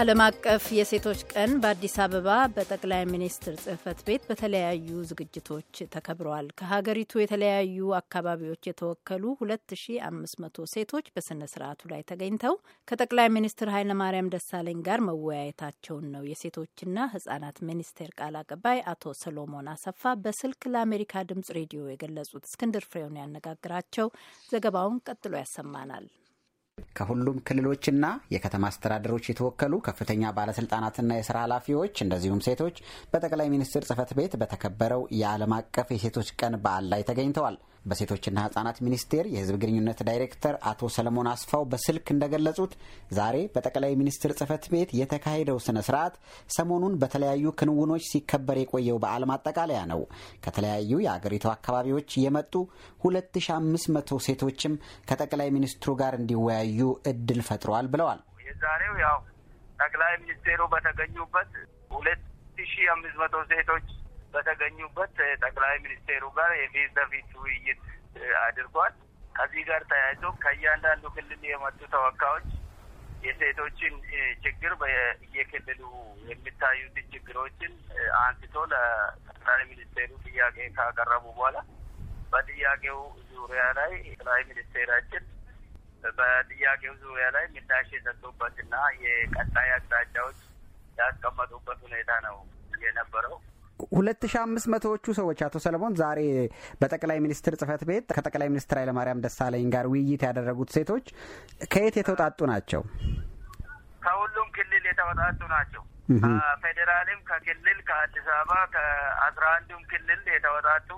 ዓለም አቀፍ የሴቶች ቀን በአዲስ አበባ በጠቅላይ ሚኒስትር ጽህፈት ቤት በተለያዩ ዝግጅቶች ተከብረዋል። ከሀገሪቱ የተለያዩ አካባቢዎች የተወከሉ 2500 ሴቶች በስነ ስርዓቱ ላይ ተገኝተው ከጠቅላይ ሚኒስትር ኃይለማርያም ደሳለኝ ጋር መወያየታቸውን ነው የሴቶችና ህጻናት ሚኒስቴር ቃል አቀባይ አቶ ሰሎሞን አሰፋ በስልክ ለአሜሪካ ድምጽ ሬዲዮ የገለጹት። እስክንድር ፍሬውን ያነጋግራቸው ዘገባውን ቀጥሎ ያሰማናል። ከሁሉም ክልሎችና የከተማ አስተዳደሮች የተወከሉ ከፍተኛ ባለስልጣናትና የስራ ኃላፊዎች እንደዚሁም ሴቶች በጠቅላይ ሚኒስትር ጽህፈት ቤት በተከበረው የዓለም አቀፍ የሴቶች ቀን በዓል ላይ ተገኝተዋል። በሴቶችና ህጻናት ሚኒስቴር የህዝብ ግንኙነት ዳይሬክተር አቶ ሰለሞን አስፋው በስልክ እንደገለጹት ዛሬ በጠቅላይ ሚኒስትር ጽህፈት ቤት የተካሄደው ስነ ስርዓት ሰሞኑን በተለያዩ ክንውኖች ሲከበር የቆየው በዓል ማጠቃለያ ነው። ከተለያዩ የአገሪቱ አካባቢዎች የመጡ 2500 ሴቶችም ከጠቅላይ ሚኒስትሩ ጋር እንዲወያዩ እድል ፈጥሯል ብለዋል። የዛሬው ያው ጠቅላይ ሚኒስቴሩ በተገኙበት ሁለት ሺ አምስት መቶ ሴቶች በተገኙበት ጠቅላይ ሚኒስቴሩ ጋር የፊት ለፊት ውይይት አድርጓል። ከዚህ ጋር ተያይዞ ከእያንዳንዱ ክልል የመጡ ተወካዮች የሴቶችን ችግር በየክልሉ የሚታዩትን ችግሮችን አንስቶ ለጠቅላይ ሚኒስቴሩ ጥያቄ ካቀረቡ በኋላ በጥያቄው ዙሪያ ላይ ጠቅላይ ሚኒስቴራችን በጥያቄው ዙሪያ ላይ ምላሽ የሰጡበትና የቀጣይ አቅጣጫዎች ያስቀመጡበት ሁኔታ ነው የነበረው። ሁለት ሺ አምስት መቶዎቹ ሰዎች አቶ ሰለሞን ዛሬ በጠቅላይ ሚኒስትር ጽህፈት ቤት ከጠቅላይ ሚኒስትር ኃይለማርያም ደሳለኝ ጋር ውይይት ያደረጉት ሴቶች ከየት የተውጣጡ ናቸው? ከሁሉም ክልል የተውጣጡ ናቸው። ከፌዴራልም፣ ከክልል፣ ከአዲስ አበባ ከአስራ አንዱም ክልል የተወጣጡ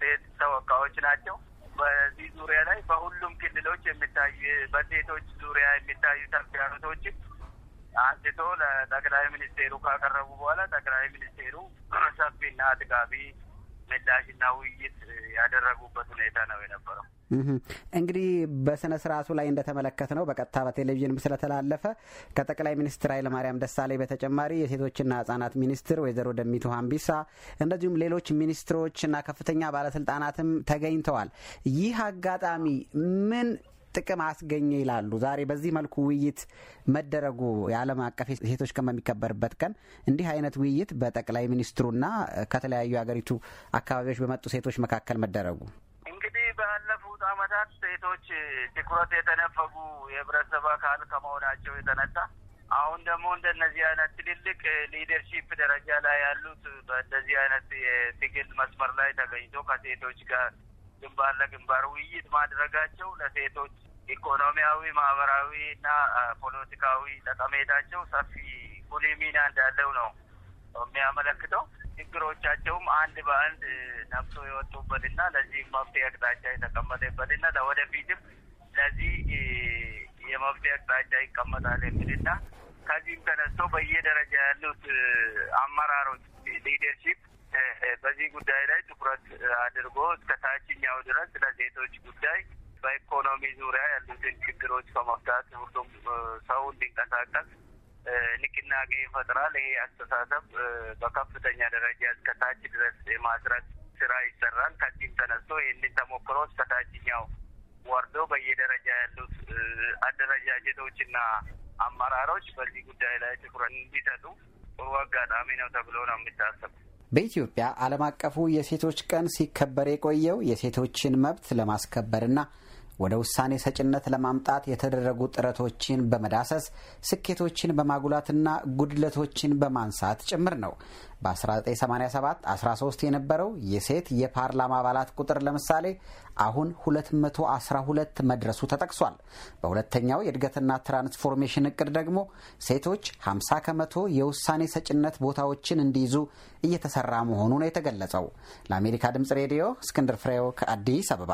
ሴት ተወካዮች ናቸው። በዚህ ዙሪያ ላይ በሁሉም ክልሎች የሚታዩ በሴቶች ዙሪያ የሚታዩ ተግዳሮቶችን አንስቶ ለጠቅላይ ሚኒስቴሩ ካቀረቡ በኋላ ጠቅላይ ሚኒስቴሩ ሰፊና አጥጋቢ ምላሽና ውይይት ያደረጉበት ሁኔታ ነው የነበረው። እንግዲህ በስነ ስርዓቱ ላይ እንደተመለከት ነው በቀጥታ በቴሌቪዥን ስለተላለፈ ከጠቅላይ ሚኒስትር ኃይለማርያም ደሳለኝ በተጨማሪ የሴቶችና ህጻናት ሚኒስትር ወይዘሮ ደሚቱ ሀምቢሳ እንደዚሁም ሌሎች ሚኒስትሮችና ከፍተኛ ባለስልጣናትም ተገኝተዋል። ይህ አጋጣሚ ምን ጥቅም አስገኘ ይላሉ። ዛሬ በዚህ መልኩ ውይይት መደረጉ የዓለም አቀፍ ሴቶች ቀን በሚከበርበት ቀን እንዲህ አይነት ውይይት በጠቅላይ ሚኒስትሩና ከተለያዩ የሀገሪቱ አካባቢዎች በመጡ ሴቶች መካከል መደረጉ እንግዲህ ባለፉት ዓመታት ሴቶች ትኩረት የተነፈጉ የህብረተሰብ አካል ከመሆናቸው የተነሳ አሁን ደግሞ እንደነዚህ አይነት ትልልቅ ሊደርሺፕ ደረጃ ላይ ያሉት በእንደዚህ አይነት የትግል መስመር ላይ ተገኝቶ ከሴቶች ጋር ግንባር ለግንባር ውይይት ማድረጋቸው ለሴቶች ኢኮኖሚያዊ፣ ማህበራዊ እና ፖለቲካዊ ጠቀሜታቸው ሰፊ ሁሌ ሚና እንዳለው ነው የሚያመለክተው። ችግሮቻቸውም አንድ በአንድ ነብሶ የወጡበትና ለዚህ መፍትሄ አቅጣጫ የተቀመጠበትና ለወደፊትም ለዚህ የመፍትሄ አቅጣጫ ይቀመጣል የሚልና ከዚህም ተነስቶ በየደረጃ ያሉት አመራሮች ሊደርሺፕ በዚህ ጉዳይ ላይ ትኩረት አድርጎ እስከ ታችኛው ድረስ ለሴቶች ጉዳይ በኢኮኖሚ ዙሪያ ያሉትን ችግሮች በመፍታት ሁሉም ሰው እንዲንቀሳቀስ ንቅናቄ ይፈጥራል። ይሄ አስተሳሰብ በከፍተኛ ደረጃ እስከ ታች ድረስ የማስረት ስራ ይሰራል። ከዚህም ተነስቶ ይህንን ተሞክሮ እስከ ታችኛው ወርዶ በየደረጃ ያሉት አደረጃጀቶችና አመራሮች በዚህ ጉዳይ ላይ ትኩረት እንዲሰጡ ጥሩ አጋጣሚ ነው ተብሎ ነው የሚታሰቡ። በኢትዮጵያ ዓለም አቀፉ የሴቶች ቀን ሲከበር የቆየው የሴቶችን መብት ለማስከበርና ወደ ውሳኔ ሰጭነት ለማምጣት የተደረጉ ጥረቶችን በመዳሰስ ስኬቶችን በማጉላትና ጉድለቶችን በማንሳት ጭምር ነው። በ1987 13 የነበረው የሴት የፓርላማ አባላት ቁጥር ለምሳሌ አሁን 212 መድረሱ ተጠቅሷል። በሁለተኛው የእድገትና ትራንስፎርሜሽን እቅድ ደግሞ ሴቶች 50 ከመቶ የውሳኔ ሰጭነት ቦታዎችን እንዲይዙ እየተሰራ መሆኑ ነው የተገለጸው። ለአሜሪካ ድምፅ ሬዲዮ እስክንድር ፍሬው ከአዲስ አበባ